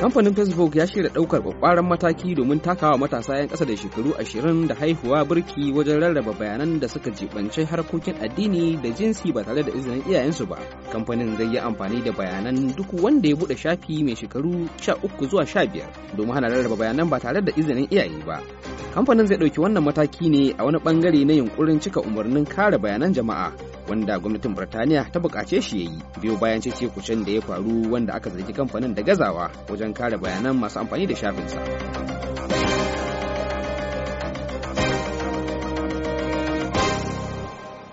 Kamfanin Facebook ya shirya ɗaukar kwakwaran mataki domin takawa matasa 'yan kasa da shekaru ashirin da haihuwa birki wajen rarraba bayanan da suka jibanci harkokin addini da jinsi ba tare da izinin iyayensu ba. Kamfanin zai yi amfani da bayanan duk wanda ya bude shafi mai shekaru uku zuwa sha biyar domin hana rarraba bayanan ba tare da izinin iyaye ba. Kamfanin zai ɗauki wannan mataki ne a wani bangare na yunkurin cika umarnin kare bayanan jama'a wanda gwamnatin Birtaniya ta bukace shi ya yi biyo bayan cece kucen da ya faru wanda aka zargi kamfanin da gazawa wajen kare bayanan masu amfani da shafinsa.